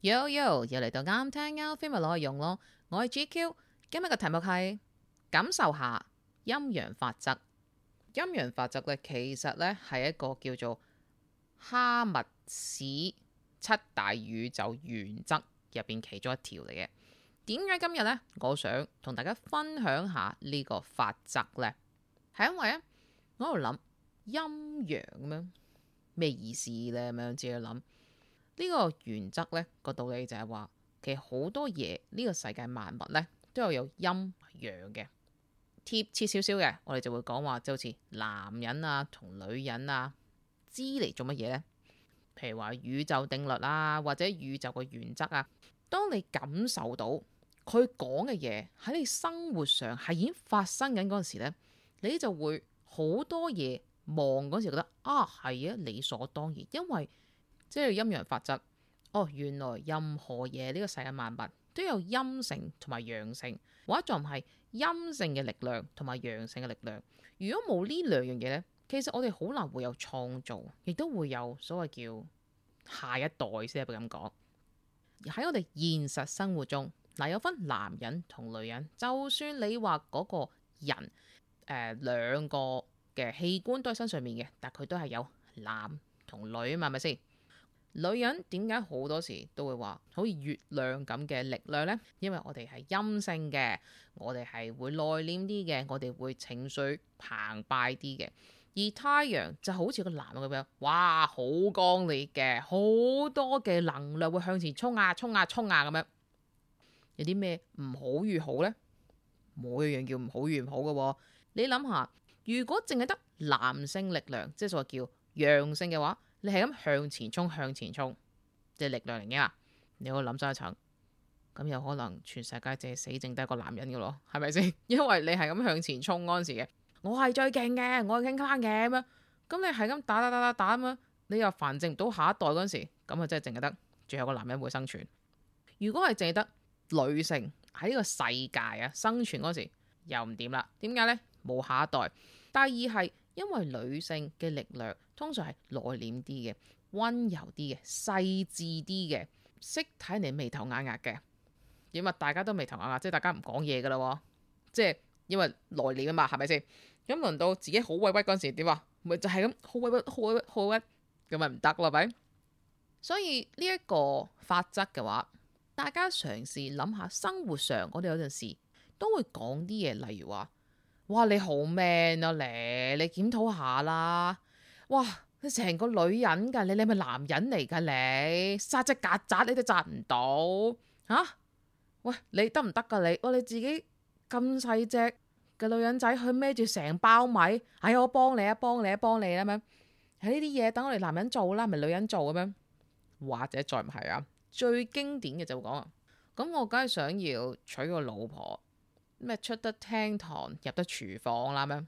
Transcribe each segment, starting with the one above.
Yo Yo 又嚟到啱聽啱 feel 咪攞去用咯，我係 GQ，今日個題目係感受下陰陽法則。陰陽法則咧，其實咧，係一個叫做赫密士七大宇宙原則入邊其中一條嚟嘅。點解今日咧，我想同大家分享下呢個法則咧，係因為咧，我喺度諗陰陽咁樣咩意思咧咁樣，自己諗。呢個原則呢個道理就係話，其實好多嘢，呢個世界萬物呢，都有有陰陽嘅。貼切少少嘅，我哋就會講話，就好似男人啊同女人啊，知嚟做乜嘢呢？譬如話宇宙定律啊，或者宇宙個原則啊。當你感受到佢講嘅嘢喺你生活上係已經發生緊嗰陣時咧，你就會好多嘢望嗰陣時覺得啊係啊理所當然，因為即係陰陽法則哦，原來任何嘢呢個世界萬物都有陰性同埋陽性，或者仲係陰性嘅力量同埋陽性嘅力量。如果冇呢兩樣嘢咧，其實我哋好難會有創造，亦都會有所謂叫下一代先係咁講。喺我哋現實生活中，嗱，有分男人同女人。就算你話嗰個人誒，兩個嘅器官都喺身上面嘅，但佢都係有男同女啊，嘛係咪先？女人，點解好多時都會話好似月亮咁嘅力量呢？因為我哋係陰性嘅，我哋係會內斂啲嘅，我哋會情緒澎湃啲嘅。而太陽就好似個男嘅咁樣，哇，好剛烈嘅，好多嘅能量會向前衝啊，衝啊，衝啊咁樣。有啲咩唔好與好呢？冇一樣叫唔好與唔好嘅哦。你諗下，如果淨係得男性力量，即係所謂叫陽性嘅話。你係咁向前衝向前衝，即係力量嚟嘅。你我諗多一層，咁有可能全世界淨係死剩得一個男人嘅咯，係咪先？ 因為你係咁向前衝嗰時嘅，我係最勁嘅，我係勁翻嘅咁樣。咁你係咁打打打打打咁樣，你又繁殖唔到下一代嗰時，咁啊真係淨係得最後個男人會生存。如果係淨係得女性喺呢個世界啊生存嗰時，又唔掂啦。點解咧？冇下一代。第二係。因為女性嘅力量通常係內斂啲嘅、溫柔啲嘅、細緻啲嘅，識睇你眉頭眼額嘅。如果大家都眉頭眼額，即係大家唔講嘢嘅啦，即係因為內斂啊嘛，係咪先？咁輪到自己好委屈嗰陣時，點啊？咪就係咁好委屈、好委屈、好委屈，咁咪唔得啦，咪？所以呢一個法則嘅話，大家嘗試諗下，生活上我哋有陣時都會講啲嘢，例如話。哇，你好 man 咯、啊、你，你檢討下啦！哇，你成個女人噶你，你係咪男人嚟噶你？殺隻曱甴你都殺唔到，吓、啊？喂，你得唔得噶你？哇，你自己咁細隻嘅女人仔，去孭住成包米，哎呀我幫你啊，幫你啊，幫你咁、啊啊、樣，係呢啲嘢等我哋男人做啦，咪女人做咁樣？或者再唔係啊，最經典嘅就會講啊，咁我梗係想要娶個老婆。咩出得廳堂，入得廚房啦咩，咁樣，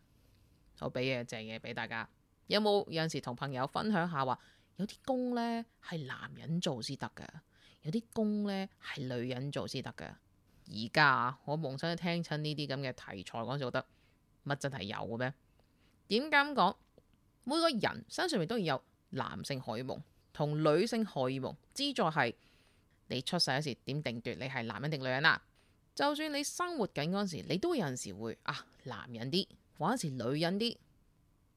好俾嘢正嘢俾大家。有冇有陣時同朋友分享下話，有啲工咧係男人做先得㗎，有啲工咧係女人做先得㗎。而家我望親聽親呢啲咁嘅題材時，我就覺得乜真係有嘅咩？點解咁講？每個人身上面當然有男性荷爾蒙同女性荷爾蒙，資助係你出世嗰時點定奪你係男人定女人啦。就算你生活緊嗰時，你都會有陣時會啊，男人啲，或者係女人啲，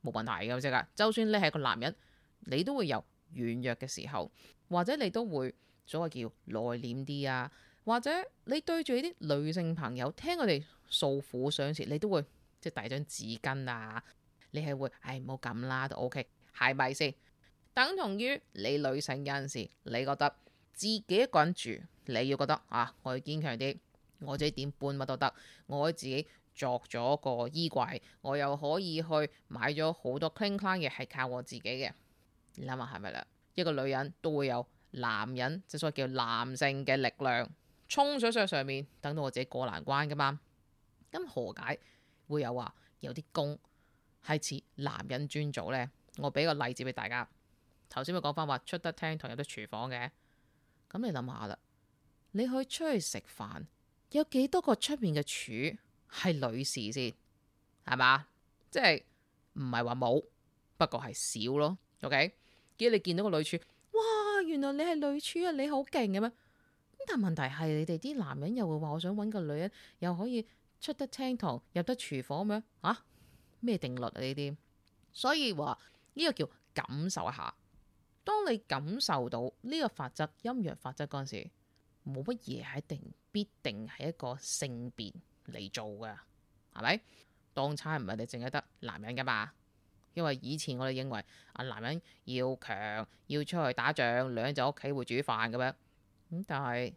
冇問題噶，知噶。就算你係個男人，你都會有軟弱嘅時候，或者你都會所謂叫內斂啲啊，或者你對住啲女性朋友聽佢哋訴苦相時，你都會即係遞張紙巾啊，你係會唉，唔好咁啦，都 OK，係咪先？等同於你女性有陣時，你覺得自己一個人住，你要覺得啊，我要堅強啲。我自己點搬乜都得，我可以自己作咗個衣櫃，我又可以去買咗好多 cleaner 嘅，係靠我自己嘅。你諗下係咪咧？一個女人都會有男人，即所謂叫男性嘅力量，衝上上上面，等到我自己過難關噶嘛。咁何解會有話，有啲工係似男人專做呢？我俾個例子俾大家，頭先咪講翻話出得廳堂入得廚房嘅。咁你諗下啦，你去出去食飯。有幾多個出面嘅廚係女士先，係嘛？即係唔係話冇，不過係少咯。OK，記你見到個女廚，哇！原來你係女廚啊，你好勁嘅咩？咁但係問題係，你哋啲男人又會話，我想搵個女人又可以出得廳堂，入得廚房咁樣啊？咩定律啊呢啲？所以話呢、呢個叫感受一下，當你感受到呢個法則、陰陽法則嗰陣時。冇乜嘢係一定必定係一個性別嚟做㗎，係咪？當差唔係你淨係得男人噶嘛？因為以前我哋認為啊，男人要強，要出去打仗，女仔喺屋企會煮飯㗎嘛。咁但係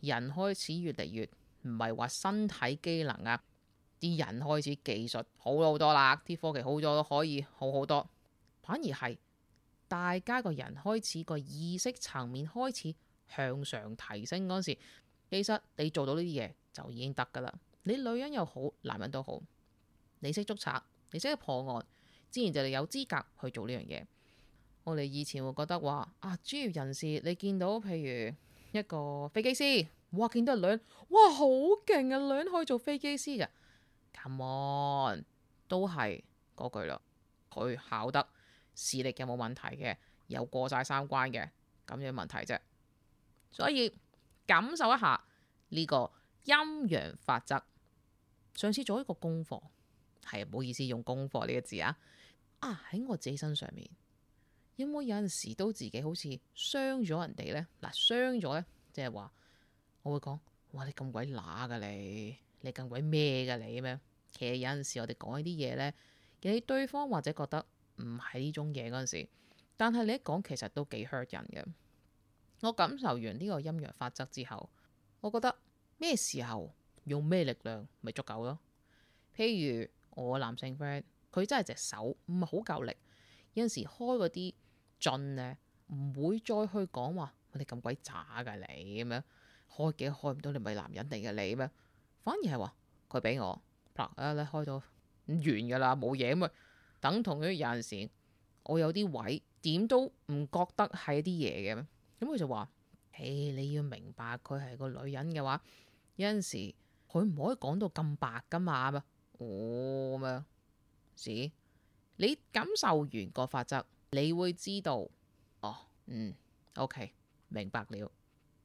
人開始越嚟越唔係話身體機能啊，啲人開始技術好好多啦，啲科技好咗都可以好好多，反而係大家個人開始個意識層面開始。向上提升嗰時，其實你做到呢啲嘢就已經得噶啦。你女人又好，男人都好，你識捉賊，你識去破案，自然就嚟有資格去做呢樣嘢。我哋以前會覺得話啊，專業人士，你見到譬如一個飛機師，哇，見到女人，哇，好勁啊，女人可以做飛機師嘅。Come on，都係嗰句啦，佢考得視力有冇問題嘅，有過晒三關嘅，咁樣問題啫。所以感受一下呢個陰陽法則。上次做一個功課，係唔好意思用功課呢個字啊。啊喺我自己身上面，有冇有陣時都自己好似傷咗人哋呢？嗱、啊，傷咗呢，即係話我會講：哇！你咁鬼乸㗎你，你咁鬼咩㗎你咩？其實有陣時我哋講呢啲嘢呢，你對方或者覺得唔係呢種嘢嗰陣時，但係你一講，其實都幾 hurt 人嘅。我感受完呢個陰陽法則之後，我覺得咩時候用咩力量咪足夠咯。譬如我男性 friend，佢真係隻手唔係好夠力，有陣時開嗰啲樽咧，唔會再去講話我哋咁鬼渣噶你，咁樣開嘅開唔到，你咪男人嚟㗎你咩？反而係話佢俾我嗱咧，開到完噶啦，冇嘢咁啊，等同於有陣時我有啲位點都唔覺得係一啲嘢嘅咩？咁佢就話，誒，你要明白佢係個女人嘅話，有陣時佢唔可以講到咁白噶嘛？咩、哦？咁樣，你感受完個法則，你會知道。哦，嗯，OK，明白了。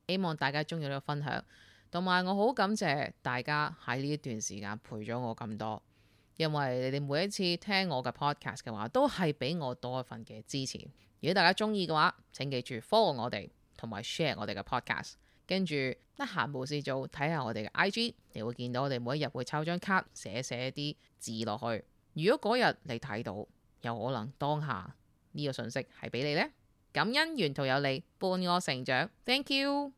希望大家中意呢個分享，同埋我好感謝大家喺呢一段時間陪咗我咁多。因為你哋每一次聽我嘅 podcast 嘅話，都係俾我多一份嘅支持。如果大家中意嘅話，請記住 follow 我哋同埋 share 我哋嘅 podcast。跟住得閒無事做，睇下我哋嘅 IG，你會見到我哋每一日會抽張卡寫寫啲字落去。如果嗰日你睇到，有可能當下呢個信息係俾你呢。感恩沿途有你伴我成長。Thank you。